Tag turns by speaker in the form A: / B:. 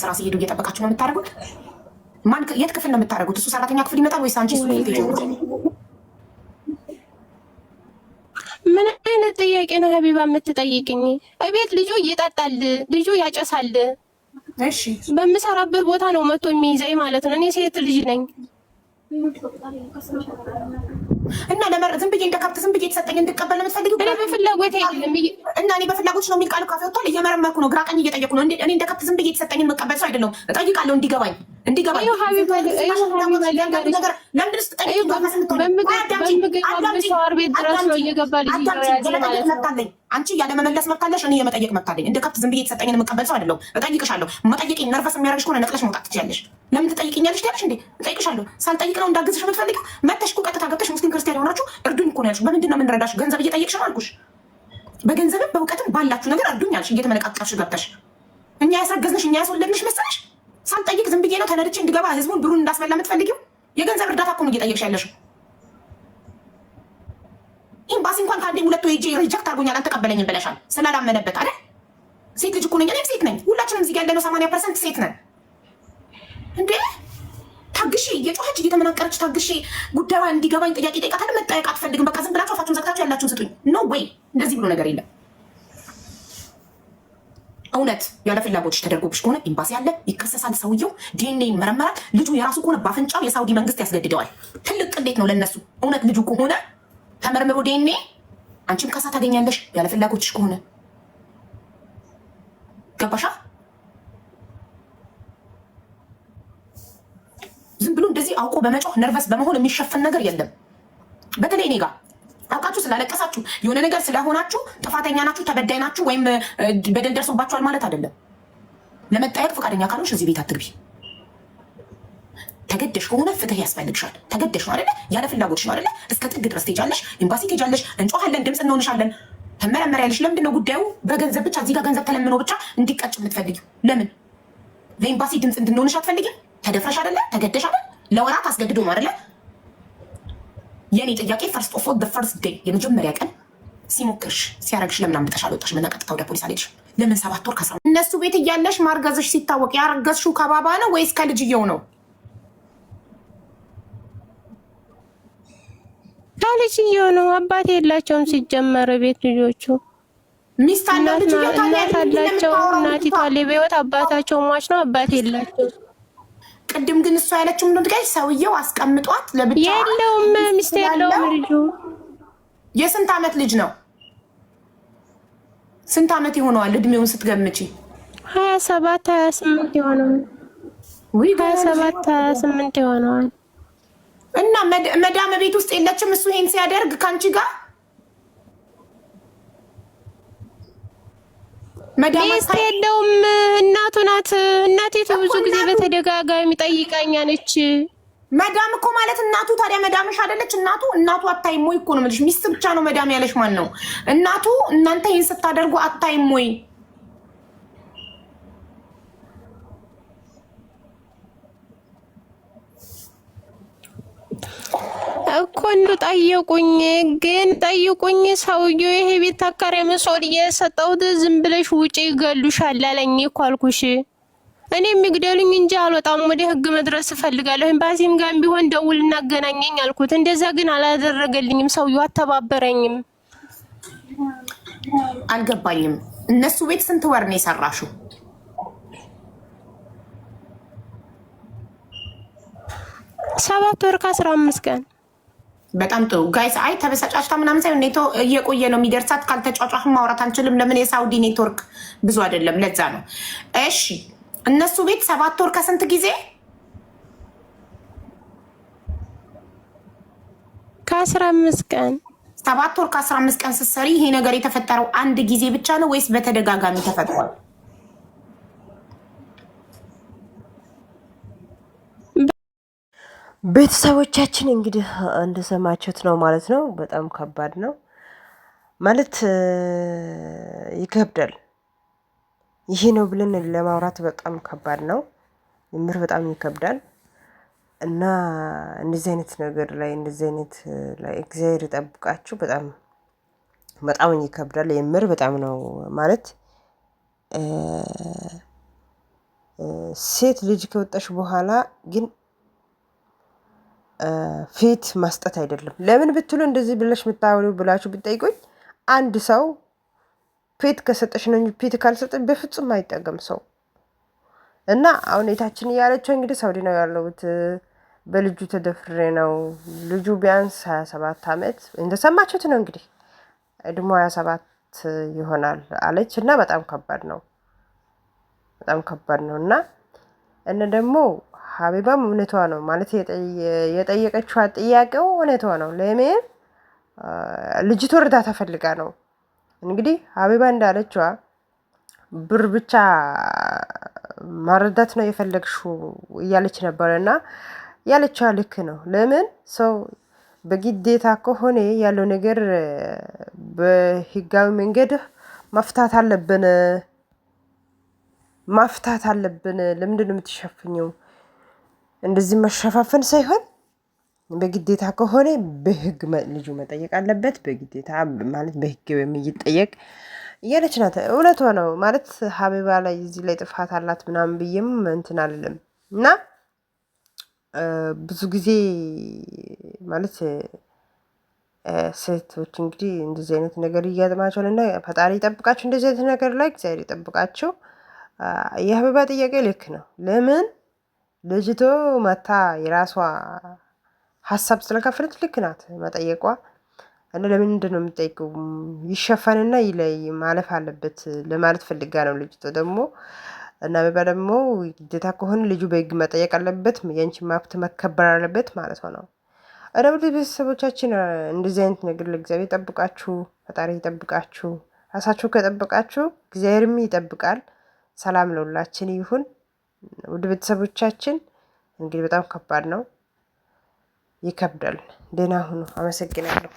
A: ስራ ሲሄዱ እየጠበቃችሁ ነው የምታደርጉት? ማን የት ክፍል ነው የምታደርጉት? እሱ ሰራተኛ ክፍል ይመጣል ወይስ አንቺ?
B: ምን አይነት ጥያቄ ነው ሀቢባ የምትጠይቅኝ? እቤት ልጁ ይጠጣል፣ ልጁ ያጨሳል። በምሰራበት ቦታ ነው መቶ የሚይዘኝ ማለት ነው። እኔ ሴት ልጅ ነኝ።
A: እና ዝም ብዬ እንደ ከብት ዝም ብዬ የተሰጠኝ እንድቀበል ለምትፈልጊው
B: እኔ በፍላጎት
A: እና እኔ በፍላጎት ነው የሚል ቃል ካፌ ወጥቷል። እየመረመርኩ ነው፣ ግራ ቀኝ እየጠየኩ ነው። እኔ እንደ ከብት ዝም ብዬ የተሰጠኝን መቀበል ሰው አይደለሁም። እጠይቃለሁ እንዲገባኝ አንቺ ያለመመለስ መብት እኔ የመጠየቅ መብት እንደ ከብት ዝም ብዬ የተሰጠኝን የምቀበል ሰው አይደለሁም። እጠይቅሻለሁ። መጠየቅኝ ነርቨስ የሚያደርግሽ ከሆነ ነቅለሽ መውጣት ትችያለሽ። ለምን ትጠይቅኛለሽ ትያለሽ እንዴ? እጠይቅሻለሁ። ሳልጠይቅ ነው እንዳግዝሽ የምትፈልጊው? መተሽ እኮ ቀጥታ ገብተሽ ሙስሊም ክርስቲያን የሆናችሁ እርዱኝ እኮ ነው ያልሽ። በምንድን ነው የምንረዳሽ? ገንዘብ እየጠየቅሽ ነው አልኩሽ። በገንዘብም በእውቀትም ባላችሁ ነገር እርዱኝ አልሽ። እየተመለቃቀፍሽ ገብተሽ እኛ ያስረገዝንሽ እኛ ያስወለድንሽ መሰለሽ? ሳልጠይቅ ዝም ብዬ ነው ተነድቼ እንድገባ ህዝቡን ብሩን እንዳስበላ የምትፈልጊው? የገንዘብ እርዳታ እኮ ነው እየጠየቅሽ ያለሽው። ኢምባሲ እንኳን ከአንዴ ሁለቱ ሄጄ ሪጀክት አድርጎኛል አልተቀበለኝም ብለሻል። ስላላመነበት አይደል? ሴት ልጅ እኮ ነኝ። እኔም ሴት ነኝ። ሁላችንም እዚህ ያለነው ሰማንያ ፐርሰንት ሴት ነን እንዴ። ታግሼ እየጮኸች እየተመናቀረች ታግሼ ጉዳዩ እንዲገባኝ ጥያቄ ጠይቃታል። መጠየቅ አትፈልግም። በቃ ዝም ብላችሁ አፋችሁን ዘግታችሁ ያላችሁን ስጡኝ። ኖ ወይ እንደዚህ ብሎ ነገር የለም። እውነት ያለ ፍላጎትሽ ተደርጎብሽ ከሆነ ኤምባሲ አለ፣ ይከሰሳል፣ ሰውየው ዲኤንኤ ይመረመራል። ልጁ የራሱ ከሆነ በአፍንጫው የሳውዲ መንግስት ያስገድደዋል። ትልቅ ቅሌት ነው ለነሱ። እውነት ልጁ ከሆነ ተመርምሮ ዲኤንኤ አንቺም ከሳ ታገኛለሽ፣ ያለ ፍላጎትሽ ከሆነ ገባሻ? ዝም ብሎ እንደዚህ አውቆ በመጮህ ነርቨስ በመሆን የሚሸፈን ነገር የለም። በተለይ እኔ ጋር አውቃችሁ ስላለቀሳችሁ የሆነ ነገር ስለሆናችሁ ጥፋተኛ ናችሁ፣ ተበዳይ ናችሁ፣ ወይም በደል ደርሶባችኋል ማለት አይደለም። ለመጠየቅ ፈቃደኛ ካልሆንሽ እዚህ ቤት አትግቢ። ተገደሽ ከሆነ ፍትህ ያስፈልግሻል። ተገደሽ ነው አይደለ? ያለ ፍላጎትሽ ነው አይደለ? እስከ ጥግ ድረስ ትሄጃለሽ፣ ኤምባሲ ትሄጃለሽ፣ እንጮሃለን፣ ድምፅ እንሆንሻለን፣ ትመረመሪያለሽ። ለምንድን ነው ጉዳዩ በገንዘብ ብቻ እዚህ ጋር ገንዘብ ተለምኖ ብቻ እንዲቀጭ የምትፈልጊው? ለምን ለኤምባሲ ድምፅ እንድንሆንሽ አትፈልጊም? ተደፍረሽ አይደለ? ተገደሽ አይደለ? ለወራት አስገድዶ ነው አይደለ? የኔ ጥያቄ ፈርስት ኦፍ ኦል ፈርስት ዴይ የመጀመሪያ ቀን ሲሞክርሽ ሲያረግሽ ለምን አምልጠሽ አልወጣሽም? እና ቀጥታ ወደ ፖሊስ አልሄድሽም? ለምን ሰባት ወር ከስራ
B: እነሱ ቤት እያለሽ ማርገዝሽ ሲታወቅ ያረገዝሽው ከባባ ነው ወይስ ከልጅየው ነው? ከልጅየው ነው። አባት የላቸውም ሲጀመር ቤት ልጆቹ ሚስት አለው ልጅየው ታዲያ እናቲቷ ሌቤወት አባታቸው ሟች ነው። አባት የላቸው
A: ቅድም ግን እሷ ያለችው ምንድን ጋይ ሰውየው አስቀምጧት ለብቻ
B: የለውም ሚስት የለውም ልጁ
A: የስንት ዓመት ልጅ ነው ስንት ዓመት ይሆነዋል እድሜውን ስትገምቺ
B: ሀያ ሰባት ሀያ ስምንት ይሆነዋል ሀያ ሰባት ሀያ ስምንት ይሆነዋል
A: እና መዳመ ቤት ውስጥ የለችም እሱ ይሄን ሲያደርግ ከአንቺ ጋር
B: ሚስት የለውም፣ እናቱ ናት። እናቴቱ ብዙ ጊዜ በተደጋጋሚ ነች።
A: መዳም እኮ ማለት እናቱ። ታዲያ መዳምሽ አይደለች እናቱ? እናቱ አታይም ወይ እኮ ነው የምልሽ። ሚስት ብቻ ነው መዳም ያለሽ ማን ነው? እናቱ እናንተ ይህን ስታደርጉ አታይም ወይ?
B: እኮ እንዱ ጠየቁኝ፣ ግን ጠይቁኝ። ሰውዬው ይሄ ቤት አካሪ መስል እየሰጠሁት ዝም ብለሽ ውጪ ይገሉሻል አለኝ እኮ አልኩሽ። እኔ የሚግደሉኝ እንጂ አልወጣም። ወደ ህግ መድረስ እፈልጋለሁ። ኤምባሲም ጋር ቢሆን ደውል እናገናኘኝ አልኩት። እንደዛ ግን አላደረገልኝም። ሰውዬው አተባበረኝም።
A: አልገባኝም። እነሱ ቤት ስንት ወር ነው የሰራሽው?
B: ሰባት ወር ከአስራ አምስት ቀን
A: በጣም ጥሩ ጋይስ። አይ ተበሳጫጭታ ምናምን ሳይሆን ኔቶ እየቆየ ነው የሚደርሳት። ካልተጫጫፍ ማውራት አንችልም። ለምን የሳውዲ ኔትወርክ ብዙ አይደለም፣ ለዛ ነው። እሺ እነሱ ቤት ሰባት ወር ከስንት ጊዜ?
B: ከአስራ አምስት ቀን
A: ሰባት ወር ከአስራ አምስት ቀን ስትሰሪ ይሄ ነገር የተፈጠረው አንድ ጊዜ ብቻ ነው ወይስ በተደጋጋሚ ተፈጥሯል?
C: ቤተሰቦቻችን እንግዲህ እንደሰማችሁት ነው ማለት ነው። በጣም ከባድ ነው ማለት ይከብዳል። ይሄ ነው ብለን ለማውራት በጣም ከባድ ነው። ምር በጣም ይከብዳል እና እንደዚህ አይነት ነገር ላይ እንደዚህ አይነት ላይ እግዚአብሔር ይጠብቃችሁ። በጣም በጣም ይከብዳል። የምር በጣም ነው ማለት ሴት ልጅ ከወጣሽ በኋላ ግን ፊት ማስጠት አይደለም። ለምን ብትሉ እንደዚህ ብለሽ የምታወሪው ብላችሁ ብጠይቁኝ አንድ ሰው ፊት ከሰጠሽ ነው እንጂ ፊት ካልሰጠሽ በፍጹም አይጠገም ሰው እና አሁን የታችን እያለችው እንግዲህ ሳውዲ ነው ያለሁት። በልጁ ተደፍሬ ነው። ልጁ ቢያንስ ሀያ ሰባት አመት እንደሰማችሁት ነው እንግዲህ እድሞ ሀያ ሰባት ይሆናል አለች እና በጣም ከባድ ነው። በጣም ከባድ ነው እና እነ ደግሞ ሀቢባም እውነቷ ነው ማለት የጠየቀችዋ ጥያቄው እውነቷ ነው። ለምን ልጅቱ እርዳታ ፈልጋ ነው። እንግዲህ ሀቢባ እንዳለችዋ ብር ብቻ ማረዳት ነው የፈለግሽው እያለች ነበረ እና ያለችዋ ልክ ነው። ለምን ሰው በግዴታ ከሆነ ያለው ነገር በህጋዊ መንገድ መፍታት አለብን ማፍታት አለብን። ለምንድን ነው የምትሸፍኘው? እንደዚህ መሸፋፈን ሳይሆን በግዴታ ከሆነ በህግ ልጁ መጠየቅ አለበት። በግዴታ ማለት በህግ የሚጠየቅ እያለች ናት። እውነቷ ነው ማለት ሀቢባ ላይ እዚህ ላይ ጥፋት አላት ምናምን ብዬም እንትን አልልም እና ብዙ ጊዜ ማለት ሴቶች እንግዲህ እንደዚህ አይነት ነገር እያጥማቸውን እና ፈጣሪ ይጠብቃቸው። እንደዚህ አይነት ነገር ላይ እግዚአብሔር ይጠብቃቸው። የሀቢባ ጥያቄ ልክ ነው ለምን ልጅቱ መታ የራሷ ሀሳብ ስለከፈለች ልክ ናት መጠየቋ። እና ለምንድን ነው የምጠይቀው? ይሸፈንና ይለይ ማለፍ አለበት ለማለት ፈልጋ ነው ልጅቷ ደግሞ እና በባ ደግሞ ግዴታ ከሆነ ልጁ በህግ መጠየቅ አለበት። የአንቺ መብት መከበር አለበት ማለት ነው። እና ውድ ቤተሰቦቻችን እንደዚህ አይነት ነገር ለእግዚአብሔር ይጠብቃችሁ፣ ፈጣሪ ይጠብቃችሁ። ራሳችሁ ከጠብቃችሁ እግዚአብሔርም ይጠብቃል። ሰላም ለሁላችን ይሁን። ውድ ቤተሰቦቻችን እንግዲህ በጣም ከባድ ነው፣ ይከብዳል። ደህና ሁኑ። አመሰግናለሁ።